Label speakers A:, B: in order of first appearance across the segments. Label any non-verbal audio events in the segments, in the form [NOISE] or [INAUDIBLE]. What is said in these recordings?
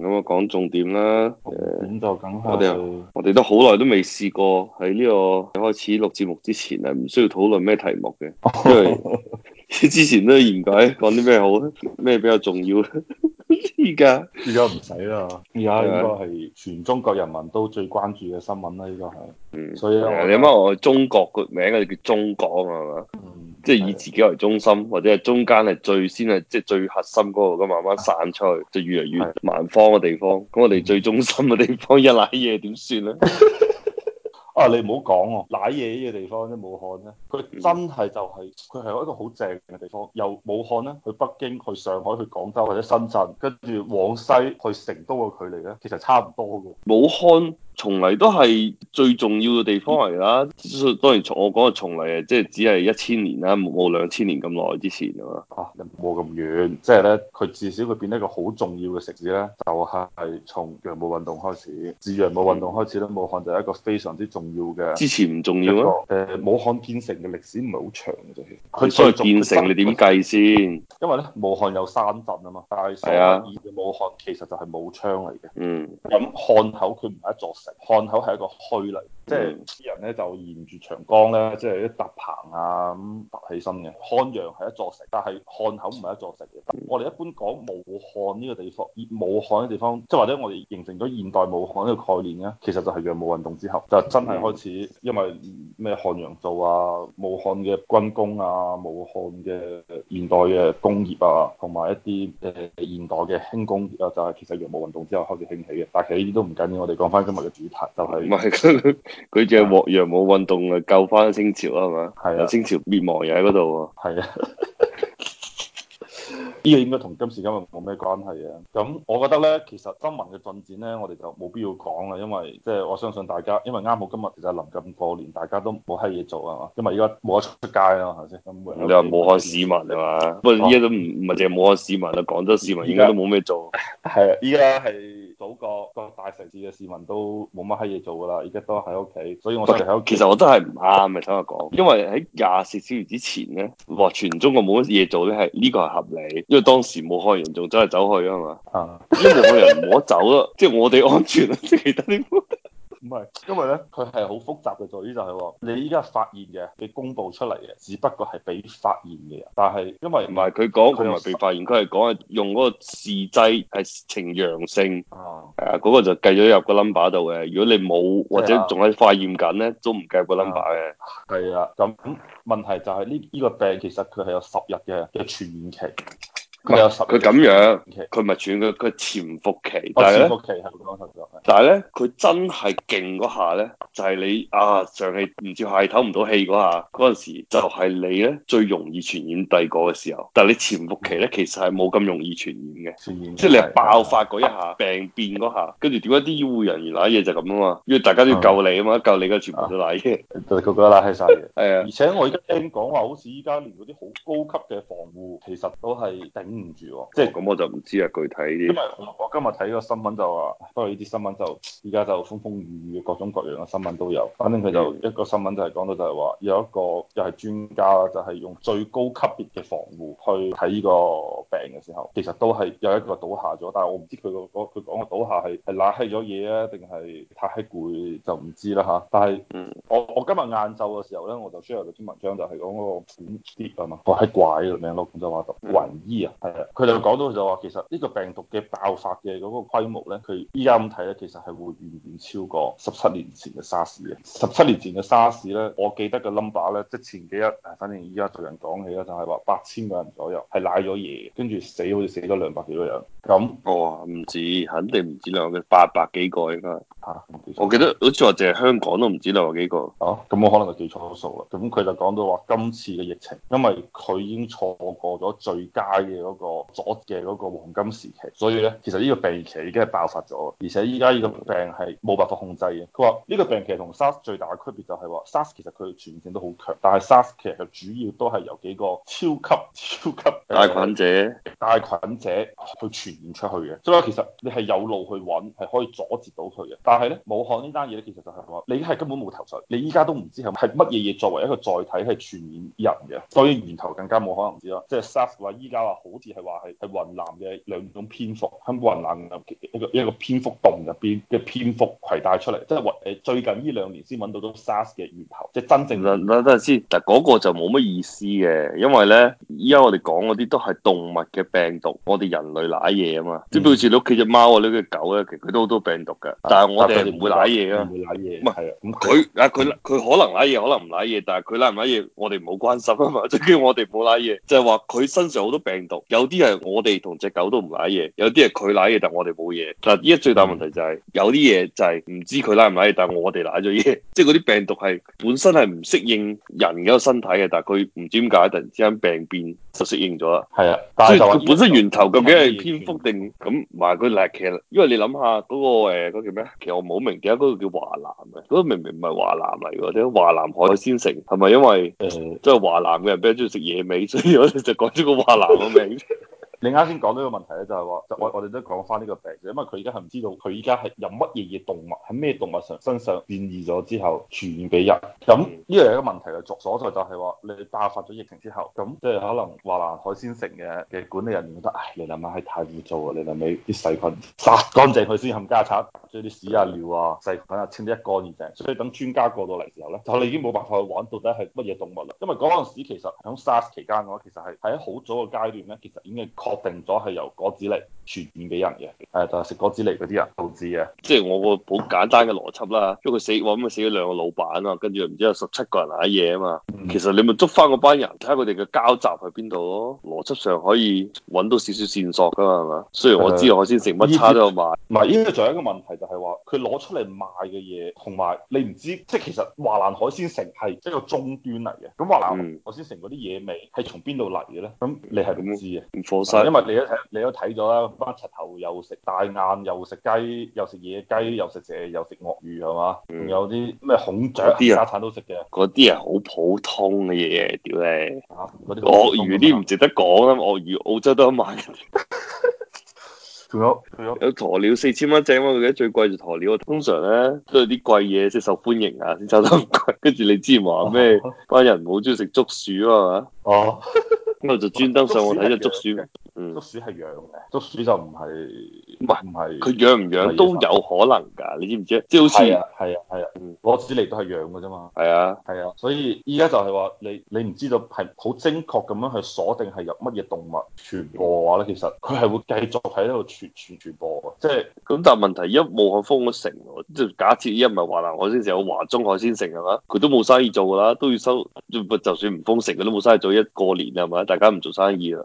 A: 咁啊，講重點啦。咁就梗我哋們我哋都好耐都未試過喺呢個開始錄節目之前，係唔需要討論咩題目嘅。因
B: 為
A: [LAUGHS] [LAUGHS] 之前都要研究，講啲咩好，咩比較重要。
B: 而家而家唔使啦。而家應該係全中國人民都最關注嘅新聞啦。呢、這個係，
A: 嗯、所以咧，你諗下，我哋中國個名，我哋叫中國，係嘛？即係以自己為中心，或者係中間係最先係即係最核心嗰個咁，慢慢散出去就越嚟越蠻方嘅地方。咁我哋最中心嘅地方一瀨嘢點算咧？
B: 啊，你唔好講哦！瀨嘢呢個地方咧，武漢咧，佢真係就係佢係一個好正嘅地方。由武漢咧去北京、去上海、去廣州或者深圳，跟住往西去成都嘅距離咧，其實差唔多嘅。
A: 武漢。從嚟都係最重要嘅地方嚟啦。當然我從我講嘅從嚟即係只係一千年啦，冇兩千年咁
B: 耐之前啊嘛，冇咁遠。即係咧，佢至少佢變一個好重要嘅城市咧，就係、是、從洋務運動開始。自洋務運動開始咧，嗯、武漢就係一個非常之重要嘅。之前唔重要啊？誒、呃，武漢城的建城嘅歷史唔係好長嘅啫。佢所以建城你點
A: 計先？
B: 因為咧，武漢有三鎮啊嘛，嘛，但係所、啊、武漢其實就係武昌嚟嘅。嗯，咁漢口佢唔係一座城。嗯漢口係一個墟嚟，即係啲人咧就沿住長江咧，即係啲搭棚啊咁搭起身嘅。漢陽係一座城，但係漢口唔係一座城嘅。我哋一般講武漢呢個地方，武漢嘅地方，即係或者我哋形成咗現代武漢呢個概念咧，其實就係洋務運動之後，就真係開始，因為。咩漢陽造啊，武漢嘅軍工啊，武漢嘅現代嘅工業啊，同埋一啲誒現代嘅輕工業啊，就係、是、其實洋務運動之後開始興起嘅。但係其實呢啲都唔緊要，我哋講翻今日嘅主題就係唔係佢，佢 [LAUGHS] 就
A: 係洋務運動啊救翻清朝啊，係咪啊？係啊，清朝滅亡又喺嗰度喎。係是啊。 [LAUGHS]
B: 呢個應該同今時今日冇咩關係嘅，咁我覺得咧，其實新聞嘅進展咧，我哋就冇必要講啦，因為即係我相信大家，因為啱好今日其實臨近過年，大家都冇乜嘢做啊嘛，因為依家冇得出街咯，係咪先？你話武漢市
A: 民啊嘛，不過依家都唔唔係淨係武漢市民啊，廣州市民應該都冇咩做，係啊，依家係。
B: 數個個大城市嘅市民都冇乜黑嘢做㗎啦，而家都喺屋企，所以我哋喺
A: 屋。家其實我都係唔啱嘅，等我講，因為喺廿四小時之前咧，話全中國冇乜嘢做咧，係呢個係合理，因為當時冇任人仲走嚟走去啊嘛。啊， [LAUGHS] 因為冇人唔好走咯， [LAUGHS] 即係我哋安全先至可以得呢
B: 因為咧，佢係好複雜嘅，所以就係話你依家發現嘅，你公佈出嚟嘅，只不過係俾發現嘅，但係因為唔係佢講佢唔係被
A: 發現，佢係講係用嗰個試劑係呈陽性，係啊，嗰、啊嗰個就計咗入個 number 度嘅。如果你冇或者仲喺化驗緊
B: 咧，都唔計個 number 嘅。係啊，咁、啊啊、問題就係呢呢個病其實佢係有十日嘅嘅傳染期。
A: 佢有十，佢咁樣，佢咪係傳佢佢潛伏期，哦、但係潛伏
B: 期係唔多
A: 但係咧，佢真係勁嗰下咧，就係、是、你啊，上氣唔接下氣，唞唔到氣嗰下，嗰陣時就係你咧最容易傳染第個嘅時候。但係你潛伏期咧，其實係冇咁容易傳染嘅，傳染，即係你係爆發嗰一下病變嗰下，跟住點解啲醫護人員拉嘢就咁啊嘛？因為大家都要救你啊嘛，嗯、救你嘅全部都拉嘢，對、啊，個個拉閪晒嘅。係 [LAUGHS] [LAUGHS] 而且我而
B: 家聽講話，好似依家連嗰啲好高級嘅防護，其實都係唔、嗯、住喎，即係
A: 咁、哦、我就唔知啊。具體啲，因為
B: 我今日睇個新聞就話，不過呢啲新聞就依家就風風雨雨，各種各樣嘅新聞都有。反正佢就、嗯、一個新聞就係、是、講到就係話，有一個又係專家就係、是、用最高級別嘅防護去睇呢、這個。病嘅時候，其實都係有一個倒下咗，但係我唔知佢個佢講嘅倒下係係瀨咗嘢啊，定係太攰就唔知啦嚇。但係我我今日晏晝嘅時候咧，我就 share 咗篇文章就，是是就係講嗰個冠獅啊嘛，我喺怪嘅名咯，咁就話讀雲醫啊，係啊，佢就講到就話其實呢個病毒嘅爆發嘅嗰個規模咧，佢依家咁睇咧，其實係會遠遠超過十七年前嘅沙士嘅。十七年前嘅沙士咧，我記得嘅 number 咧，即係前幾日，反正依家同人講起啦，就係話八千個人左右係瀨咗嘢。跟住死好似死咗兩百幾個人，咁，我話唔止，肯定唔止兩百幾，八百幾個應該吓。啊、我記得好似話淨係香港都唔止兩百幾個啊。咁我可能就記錯咗數啦。咁佢就講到話今次嘅疫情，因為佢已經錯過咗最佳嘅嗰個阻嘅嗰個黃金時期，所以咧其實呢個病期已經係爆發咗，而且依家呢個病係冇辦法控制嘅。佢話呢個病期同 SARS 最大嘅區別就係話 SARS 其實佢傳染性都好強，但係 SARS 其實主要都係由幾個超級超級帶菌者。帶菌者去傳染出去嘅，所以其實你係有路去揾，係可以阻截到佢嘅。但係咧，武漢呢單嘢咧，其實就係話你係根本冇頭緒，你依家都唔知係係乜嘢嘢作為一個載體係傳染人嘅，所以源頭更加冇可能知啦。即係 SARS 話依家話好似係話係係雲南嘅兩種蝙蝠喺雲南嘅一個一個蝙蝠洞入邊嘅蝙蝠攜帶出嚟，即係或誒最近呢兩年先揾到咗 SARS 嘅源頭，
A: 即係真正等等。等等陣先，但嗰個就冇乜意思嘅，因為咧依家我哋講嗰啲都係動物。嘅病毒，我哋人類舐嘢啊嘛，即係好似你屋企隻貓啊，呢隻狗咧，其實佢都好多病毒嘅、啊啊，但係我哋唔會舐嘢啊，唔會舐嘢。咁啊係佢啊佢佢可能舐嘢，可能唔舐嘢，但係佢舐唔舐嘢，我哋唔好關心啊嘛，最叫我哋冇舐嘢，就係話佢身上好多病毒，有啲係我哋同隻狗都唔舐嘢，有啲係佢舐嘢，但係我哋冇嘢。嗱，依家最大問題就係、是、有啲嘢就係唔知佢舐唔舐嘢，但係我哋舐咗嘢，即係嗰啲病毒係本身係唔適應人嘅身體嘅，但係佢唔知點解突然之間病變就適應咗
B: 啦。係啊，本身源頭究竟係蝙
A: 蝠定咁，話佢嚟其實，因為你諗下嗰、嗰個誒，嗰個叫咩？其實我冇明，記得嗰個叫華南啊，嗰、嗰個、明明唔係華南嚟嘅，點解華南海鮮城係咪因為即係華南嘅人比較中意食野味，所以我哋就改咗個華南嘅名？ [LAUGHS]
B: 你啱先講呢個問題咧，就係話，我我哋都講翻呢個病，就因為佢而家係唔知道佢依家係有乜嘢嘢動物喺咩動物上身上變異咗之後傳染俾人。咁呢樣一個問題嘅所所在就係話，你爆發咗疫情之後，咁即係可能華南海鮮城嘅嘅管理人員覺得，唉，你諗下係太污糟啦，你諗下啲細菌殺乾淨佢先冚家拆，將啲屎啊、尿啊、細菌啊清得一乾二淨，所以等專家過到嚟時候咧，就你已經冇辦法去玩到底係乜嘢動物啦。因為嗰陣時其實喺 SARS 期間嘅話，其實係喺好早嘅階段咧，其實已經確定咗係由果子狸傳染俾人嘅，誒就係、是、食
A: 果子狸嗰啲人導致嘅， [NOISE] 即係我個好簡單嘅邏輯啦。因為死咁咪死咗兩個老闆啊，跟住唔知有十七個人賴嘢啊嘛。嗯、其實你咪捉翻嗰班人，睇下佢哋嘅交集喺邊度咯，邏輯上可以揾到少少線索噶嘛，係嘛？雖然我知道海鮮城乜叉都有
B: 賣、嗯，唔係依個仲有一個問題就係話佢攞出嚟賣嘅嘢，同埋你唔知，即、就、係、是、其實華南海鮮城係一個終端嚟嘅。咁華南海鮮城嗰啲嘢味係從邊度嚟嘅咧？咁、嗯嗯、
A: 你係唔知嘅，唔可信。因為你
B: 都睇，你都睇咗啦，班柒頭又食大雁，又食雞，又食野雞，又食蛇，又食鱷魚，係嘛？嗯、有啲咩孔雀？啲人沙灘都食嘅。
A: 嗰啲係好普通嘅嘢，屌你、啊！嚇，啲鱷魚啲唔值得講啊！鱷魚澳洲都有賣。
B: 仲有，仲有
A: 有鴕鳥四千蚊正嘛？佢記得最貴就鴕鳥。通常咧都係啲貴嘢先受歡迎啊，先收得咁貴。跟住你之前話咩？班人唔好中意食竹鼠啊嘛？哦。 [LAUGHS] [NOISE] 咁就專登上去睇隻竹鼠，鼠，嗯，
B: 竹鼠係養嘅，竹鼠就唔係，唔係，佢養唔養都有
A: 可能㗎，的你知唔、嗯、知？即係好似
B: 係啊係啊，我只嚟都係養嘅啫嘛，係啊係啊，所以依家就係話你你唔知道係好精確咁樣去鎖定係入乜嘢動物傳播嘅話咧，其實佢係會繼續喺度傳傳傳播嘅，即係
A: 咁，嗯、但係問題一武漢封咗城了。即係假設依家唔係華南海鮮城，華中海鮮城係嘛，佢都冇生意做㗎啦，都要收，就算唔封城，佢都冇生意做一。一過年係咪？大家唔做生意啦，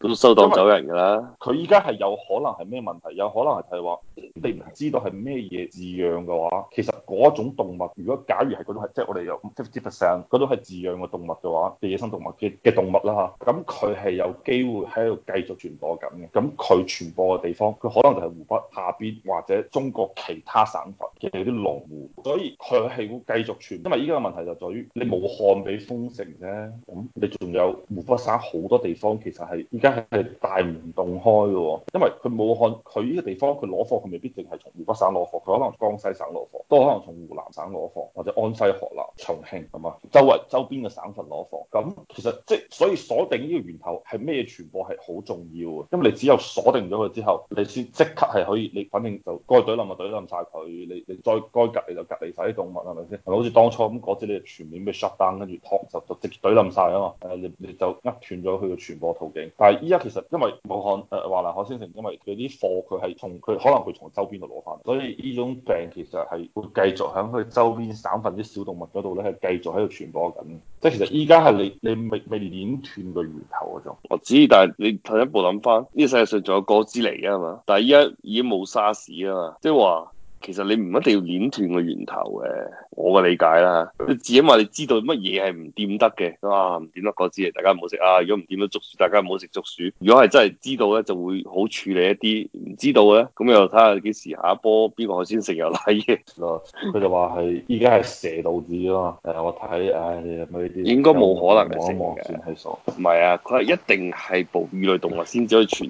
A: 都收檔走人㗎啦。
B: 佢依家係有可能係咩問題？有可能係話。你唔知道係咩嘢飼養嘅話，其實嗰種動物，如果假如係嗰種係，即係我哋有 fifty percent 嗰種係飼養嘅動物嘅話，嘅野生動物嘅嘅動物啦嚇，咁佢係有機會喺度繼續傳播緊嘅。咁佢傳播嘅地方，佢可能就係湖北下邊或者中國其他省份嘅嗰啲農戶，所以佢係會繼續傳播。因為依家嘅問題就在於，你武漢俾封城啫，咁你仲有湖北省好多地方其實係而家係大門洞開嘅喎，因為佢武漢佢呢個地方佢攞貨佢未必。即係從湖北省攞貨，佢可能江西省攞貨，都可能從湖南省攞貨，或者安徽、河南、重慶咁啊，周圍周邊嘅省份攞貨。咁其實即係所以鎖定呢個源頭係咩傳播係好重要嘅，因為你只有鎖定咗佢之後，你先即刻係可以，你反正就該隊冧就隊冧晒佢，你你再該隔離就隔離晒啲動物係咪先？好似當初咁嗰次你全面嘅 shut down，跟住託就就直接隊冧晒啊嘛？誒，你你就呃斷咗佢嘅傳播途徑。但係依家其實因為武漢誒華南海鮮城，因為佢啲貨佢係從佢可能佢從邊度攞翻，所以呢種病其實係會繼續喺佢周邊省份啲小動物嗰度咧，係繼續喺度傳播緊。即係其實依家係你你未未斬斷個源頭嗰種。
A: 我知，但係你退一步諗翻，呢世界上仲有哥斯尼啊嘛，但係依家已經冇沙士 r 啊嘛，即係話。其實你唔一定要鏈斷個源頭嘅，我嘅理解啦。只因為你知道乜嘢係唔掂得嘅，啊，唔掂得支嘢，大家唔好食啊！如果唔掂到竹鼠，大家唔好食竹鼠。如果係真係知道咧，就會好處理一啲；唔知道咧，咁又睇下幾時下一波邊個先食又瀨
B: 嘢咯。佢就話係依家係蛇導致咯。誒，我睇，唉、哎，你又冇啲，應該冇可能嘅，食嘅。係傻。唔係啊，佢係一
A: 定係哺乳類動物先至可以傳。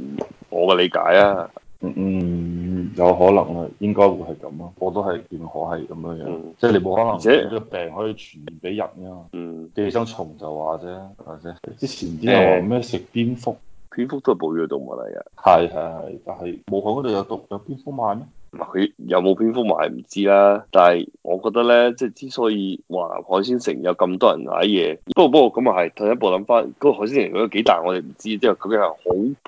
A: 我嘅理解啊。嗯。嗯
B: 有可能啊，應該會係咁咯。我都係見可係咁樣樣，嗯、即係你冇可能。而且是個病可以傳染俾人㗎。嗯，寄生蟲就話啫，係咪先？之前啲人話咩食蝙蝠，蝙蝠都係哺乳動物嚟嘅。係係係，但係武漢嗰度有毒有蝙蝠賣咩？
A: 佢有冇蝙蝠埋唔知啦，但係我覺得咧，即係之所以華南海鮮城有咁多人買嘢，不過不過咁啊係，退一步諗翻嗰個海鮮城有幾大我哋唔知，即係究竟係好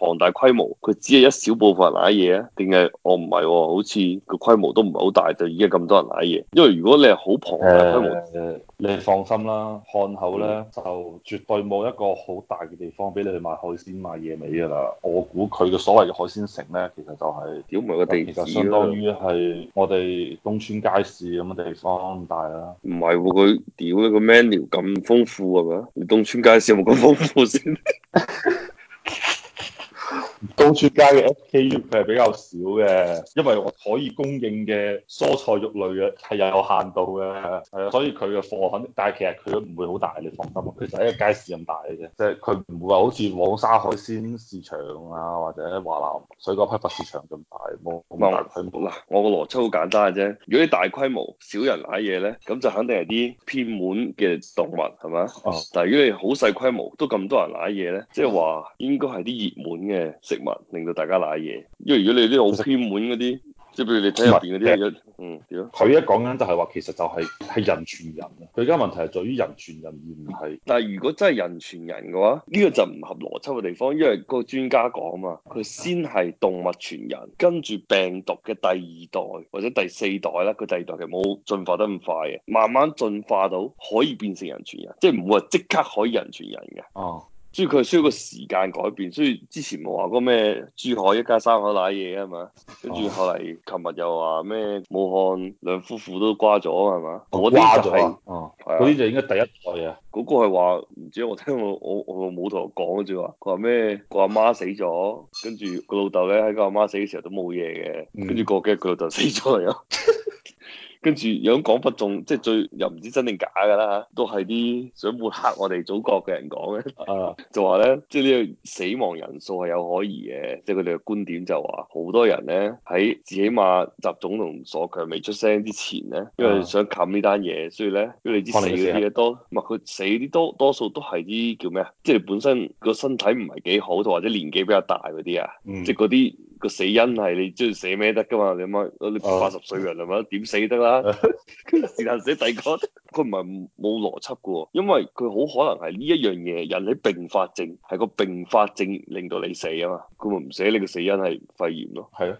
A: 龐大規模，佢只係一小部分人買嘢啊，定係我唔係，好似個規模都唔係好大就已經咁多人買嘢，因為如果你係好龐大規模。Yeah, yeah, yeah,
B: yeah, yeah. 你放心啦，漢口咧、嗯、就絕對冇一個好大嘅地方俾你去買海鮮、買野味㗎啦。我估佢嘅所謂嘅海鮮城咧，其實就係屌埋個地址咯、啊。就相當於係我哋東村街市咁嘅地方咁大啦。唔係喎，佢
A: 屌一個 menu 咁豐富係咪啊？東村街市有
B: 冇咁豐富先、啊？ [LAUGHS] 到出街嘅 SKU 佢係比較少嘅，因為我可以供應嘅蔬菜肉類嘅係有限度嘅，係啊，所以佢嘅貨肯定，但係其實佢都唔會好大，你放心佢就係一個街市咁大嘅啫，即係佢唔會話好似黃沙海鮮市場啊或者華南水果批發市場咁大。冇咁大規
A: 模，嗱，我個邏輯好簡單嘅啫。如果啲大規模少人攬嘢咧，咁就肯定係啲偏門嘅動物，係咪？啊、但係如果係好細規模都咁多人攬嘢咧，即係話應該係啲熱門嘅食物。令到大家瀨嘢，因為如果你啲好偏門嗰啲， [LAUGHS] 即係譬如你睇下，邊嗰啲，嗯佢一講緊就係話，其實就係、係、係人傳人。佢而家問題係在於人傳人而唔係。但係如果真係人傳人嘅話，呢、呢個就唔合邏輯嘅地方，因為個專家講啊嘛，佢先係動物傳人，跟住病毒嘅第二代或者第四代啦，佢第二代其實冇進化得咁快嘅，慢慢進化到可以變成人傳人，即係唔會話即刻可以人傳人嘅。哦。所以佢係需要個時間改變，所以之前冇話過咩珠海一家三口瀨嘢啊嘛，跟住後嚟琴日又話咩武漢兩夫婦都瓜咗係嘛，嗰啲就係，哦、啊，嗰啲就應該第一代啊，嗰個係話唔知我聽我我我冇同我講，住話佢話咩個阿媽死咗，跟住個老豆咧喺個阿媽死嘅時候都冇嘢嘅，跟住過幾日佢老豆死咗嚟咯。嗯 [LAUGHS] 跟住有種講法，仲即係最又唔知真定假㗎啦，都係啲想抹黑我哋祖國嘅人講嘅， [LAUGHS] [LAUGHS] 就話咧，即係呢個死亡人數係有可疑嘅，即係佢哋嘅觀點就話好多人咧喺至起碼習總同索強未出聲之前咧，因為想冚呢單嘢，所以咧，因為你知死嘅多，唔係佢死啲多多數都係啲叫咩啊？即係本身個身體唔係幾好，同或者年紀比較大嗰啲啊，嗯、即係嗰啲。個死因係你中意寫咩得噶嘛？你媽，你八十歲人係咪？點 [LAUGHS] 死得啦？佢時間寫第二個，佢唔係冇邏輯噶，因為佢好可能係呢一樣嘢引起併發症，係個併發症令到你死啊嘛。佢咪唔寫你個死因係肺炎咯？係咯。